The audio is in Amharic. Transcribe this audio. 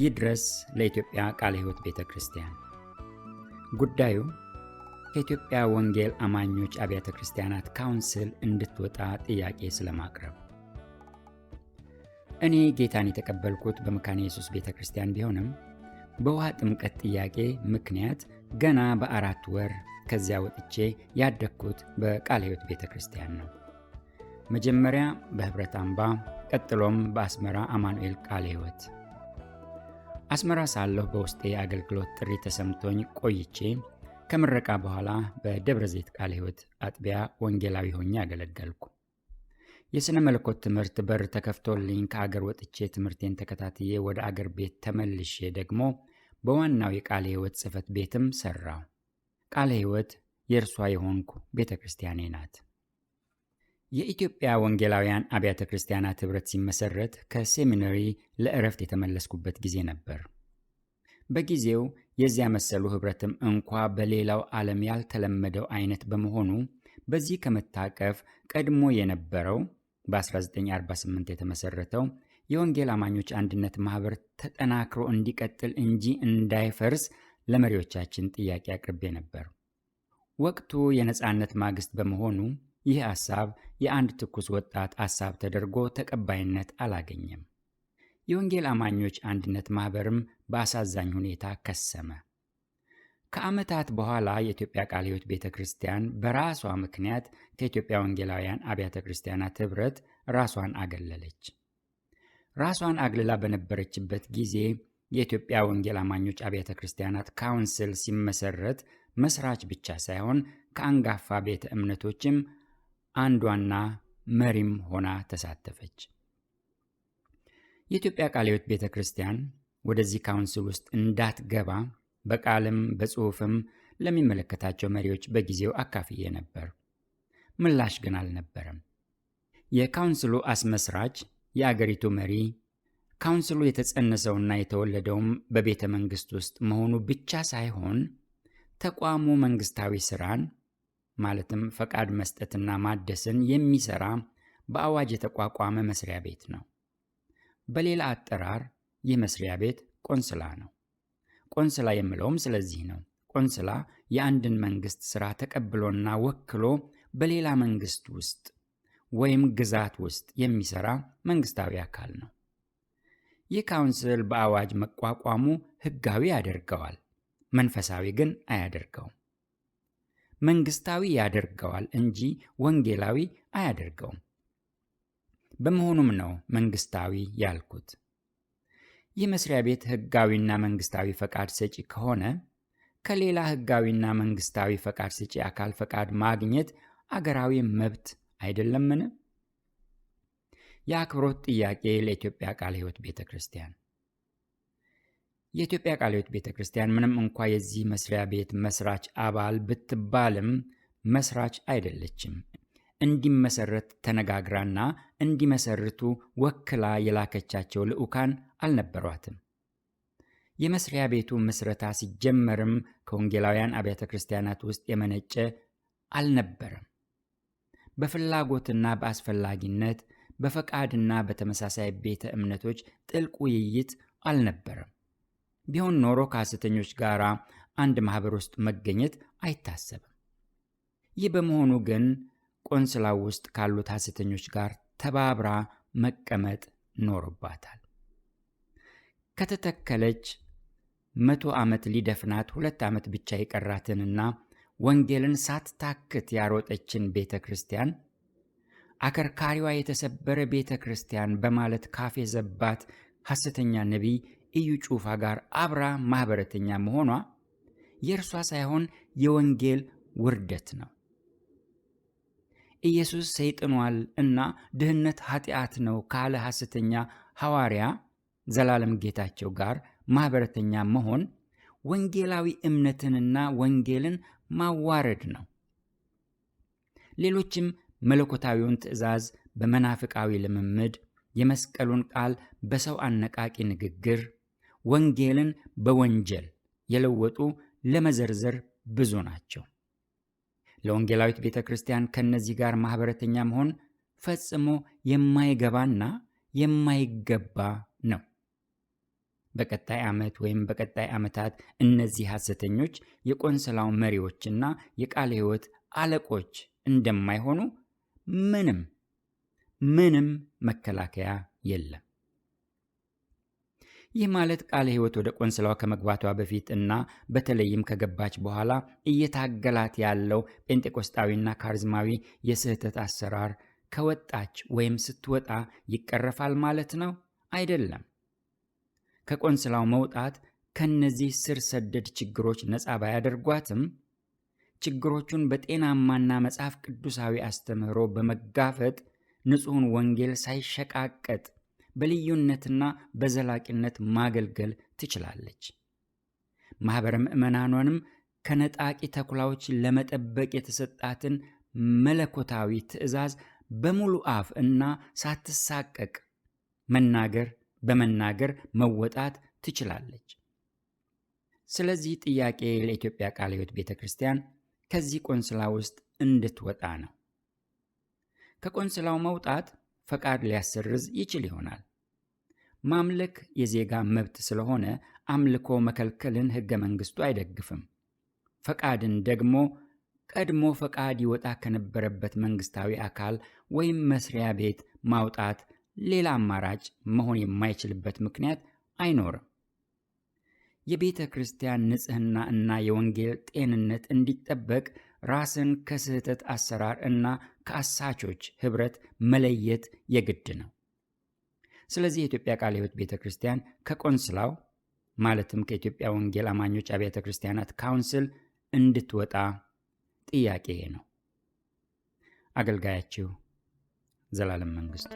ይህ ድረስ ለኢትዮጵያ ቃለ ሕይወት ቤተ ክርስቲያን። ጉዳዩ ከኢትዮጵያ ወንጌል አማኞች አብያተ ክርስቲያናት ካውንስል እንድትወጣ ጥያቄ ስለማቅረብ። እኔ ጌታን የተቀበልኩት በመካነ ኢየሱስ ቤተ ክርስቲያን ቢሆንም በውሃ ጥምቀት ጥያቄ ምክንያት ገና በአራት ወር ከዚያ ወጥቼ ያደግኩት በቃለ ሕይወት ቤተ ክርስቲያን ነው። መጀመሪያ በህብረት አምባ፣ ቀጥሎም በአስመራ አማኑኤል ቃለ ሕይወት አስመራ ሳለሁ በውስጤ የአገልግሎት ጥሪ ተሰምቶኝ ቆይቼ ከምረቃ በኋላ በደብረ ዘይት ቃለ ሕይወት አጥቢያ ወንጌላዊ ሆኜ አገለገልኩ። የሥነ መለኮት ትምህርት በር ተከፍቶልኝ ከአገር ወጥቼ ትምህርቴን ተከታትዬ ወደ አገር ቤት ተመልሼ ደግሞ በዋናው የቃለ ሕይወት ጽሕፈት ቤትም ሠራው። ቃለ ሕይወት የእርሷ የሆንኩ ቤተ ክርስቲያኔ ናት። የኢትዮጵያ ወንጌላውያን አብያተ ክርስቲያናት ኅብረት ሲመሰረት ከሴሚነሪ ለእረፍት የተመለስኩበት ጊዜ ነበር። በጊዜው የዚያ መሰሉ ኅብረትም እንኳ በሌላው ዓለም ያልተለመደው አይነት በመሆኑ በዚህ ከመታቀፍ ቀድሞ የነበረው በ1948 የተመሰረተው የወንጌል አማኞች አንድነት ማኅበር ተጠናክሮ እንዲቀጥል እንጂ እንዳይፈርስ ለመሪዎቻችን ጥያቄ አቅርቤ ነበር። ወቅቱ የነፃነት ማግስት በመሆኑ ይህ ሐሳብ የአንድ ትኩስ ወጣት ሐሳብ ተደርጎ ተቀባይነት አላገኘም። የወንጌል አማኞች አንድነት ማኅበርም በአሳዛኝ ሁኔታ ከሰመ። ከዓመታት በኋላ የኢትዮጵያ ቃለ ሕይወት ቤተ ክርስቲያን በራሷ ምክንያት ከኢትዮጵያ ወንጌላውያን አብያተ ክርስቲያናት ኅብረት ራሷን አገለለች። ራሷን አግልላ በነበረችበት ጊዜ የኢትዮጵያ ወንጌል አማኞች አብያተ ክርስቲያናት ካውንስል ሲመሰረት መስራች ብቻ ሳይሆን ከአንጋፋ ቤተ እምነቶችም አንዷና መሪም ሆና ተሳተፈች። የኢትዮጵያ ቃለ ሕይወት ቤተ ክርስቲያን ወደዚህ ካውንስል ውስጥ እንዳትገባ በቃልም በጽሑፍም ለሚመለከታቸው መሪዎች በጊዜው አካፍዬ ነበር። ምላሽ ግን አልነበረም። የካውንስሉ አስመስራች የአገሪቱ መሪ ካውንስሉ የተጸነሰውና የተወለደውም በቤተ መንግሥት ውስጥ መሆኑ ብቻ ሳይሆን ተቋሙ መንግሥታዊ ሥራን ማለትም ፈቃድ መስጠትና ማደስን የሚሰራ በአዋጅ የተቋቋመ መስሪያ ቤት ነው። በሌላ አጠራር ይህ መስሪያ ቤት ቆንስላ ነው። ቆንስላ የምለውም ስለዚህ ነው። ቆንስላ የአንድን መንግስት ሥራ ተቀብሎና ወክሎ በሌላ መንግስት ውስጥ ወይም ግዛት ውስጥ የሚሰራ መንግስታዊ አካል ነው። ይህ ካውንስል በአዋጅ መቋቋሙ ህጋዊ ያደርገዋል፣ መንፈሳዊ ግን አያደርገውም። መንግስታዊ ያደርገዋል እንጂ ወንጌላዊ አያደርገውም። በመሆኑም ነው መንግስታዊ ያልኩት። ይህ መስሪያ ቤት ህጋዊና መንግስታዊ ፈቃድ ሰጪ ከሆነ ከሌላ ህጋዊና መንግስታዊ ፈቃድ ሰጪ አካል ፈቃድ ማግኘት አገራዊ መብት አይደለምን? የአክብሮት ጥያቄ ለኢትዮጵያ ቃለ ሕይወት ቤተ ክርስቲያን የኢትዮጵያ ቃለ ሕይወት ቤተ ክርስቲያን ምንም እንኳ የዚህ መስሪያ ቤት መስራች አባል ብትባልም መስራች አይደለችም። እንዲመሰረት ተነጋግራና እንዲመሰርቱ ወክላ የላከቻቸው ልዑካን አልነበሯትም። የመስሪያ ቤቱ ምስረታ ሲጀመርም ከወንጌላውያን አብያተ ክርስቲያናት ውስጥ የመነጨ አልነበረም። በፍላጎትና በአስፈላጊነት በፈቃድና በተመሳሳይ ቤተ እምነቶች ጥልቅ ውይይት አልነበረም። ቢሆን ኖሮ ከሐሰተኞች ጋር አንድ ማኅበር ውስጥ መገኘት አይታሰብም። ይህ በመሆኑ ግን ቆንስላው ውስጥ ካሉት ሐሰተኞች ጋር ተባብራ መቀመጥ ኖርባታል። ከተተከለች መቶ ዓመት ሊደፍናት ሁለት ዓመት ብቻ የቀራትንና ወንጌልን ሳትታክት ያሮጠችን ቤተ ክርስቲያን አከርካሪዋ የተሰበረ ቤተ ክርስቲያን በማለት ካፌ ዘባት ሐሰተኛ ነቢይ ኢዩ ጩፋ ጋር አብራ ማኅበረተኛ መሆኗ የእርሷ ሳይሆን የወንጌል ውርደት ነው። ኢየሱስ ሰይጥኗል እና ድህነት ኃጢአት ነው ካለ ሐሰተኛ ሐዋርያ ዘላለም ጌታቸው ጋር ማኅበረተኛ መሆን ወንጌላዊ እምነትንና ወንጌልን ማዋረድ ነው። ሌሎችም መለኮታዊውን ትእዛዝ በመናፍቃዊ ልምምድ፣ የመስቀሉን ቃል በሰው አነቃቂ ንግግር ወንጌልን በወንጀል የለወጡ ለመዘርዘር ብዙ ናቸው። ለወንጌላዊት ቤተ ክርስቲያን ከእነዚህ ጋር ማኅበረተኛ መሆን ፈጽሞ የማይገባና የማይገባ ነው። በቀጣይ ዓመት ወይም በቀጣይ ዓመታት እነዚህ ሐሰተኞች የቆንስላው መሪዎችና የቃለ ሕይወት አለቆች እንደማይሆኑ ምንም ምንም መከላከያ የለም። ይህ ማለት ቃለ ሕይወት ወደ ቆንስላዋ ከመግባቷ በፊት እና በተለይም ከገባች በኋላ እየታገላት ያለው ጴንጤቆስጣዊና ካርዝማዊ የስህተት አሰራር ከወጣች ወይም ስትወጣ ይቀረፋል ማለት ነው? አይደለም። ከቆንስላው መውጣት ከነዚህ ስር ሰደድ ችግሮች ነፃ ባያደርጓትም ችግሮቹን በጤናማና መጽሐፍ ቅዱሳዊ አስተምህሮ በመጋፈጥ ንጹሕን ወንጌል ሳይሸቃቀጥ በልዩነትና በዘላቂነት ማገልገል ትችላለች። ማኅበረ ምዕመናኗንም ከነጣቂ ተኩላዎች ለመጠበቅ የተሰጣትን መለኮታዊ ትእዛዝ በሙሉ አፍ እና ሳትሳቀቅ መናገር በመናገር መወጣት ትችላለች። ስለዚህ ጥያቄ ለኢትዮጵያ ቃለ ሕይወት ቤተ ክርስቲያን ከዚህ ቆንስላ ውስጥ እንድትወጣ ነው። ከቆንስላው መውጣት ፈቃድ ሊያሰርዝ ይችል ይሆናል። ማምለክ የዜጋ መብት ስለሆነ አምልኮ መከልከልን ሕገ መንግሥቱ አይደግፍም። ፈቃድን ደግሞ ቀድሞ ፈቃድ ይወጣ ከነበረበት መንግስታዊ አካል ወይም መስሪያ ቤት ማውጣት ሌላ አማራጭ መሆን የማይችልበት ምክንያት አይኖርም። የቤተ ክርስቲያን ንጽሕና እና የወንጌል ጤንነት እንዲጠበቅ ራስን ከስህተት አሰራር እና ከአሳቾች ኅብረት መለየት የግድ ነው። ስለዚህ የኢትዮጵያ ቃለ ሕይወት ቤተ ክርስቲያን ከቆንስላው ማለትም ከኢትዮጵያ ወንጌል አማኞች አብያተ ክርስቲያናት ካውንስል እንድትወጣ ጥያቄ ነው። አገልጋያችሁ ዘላለም መንግስቱ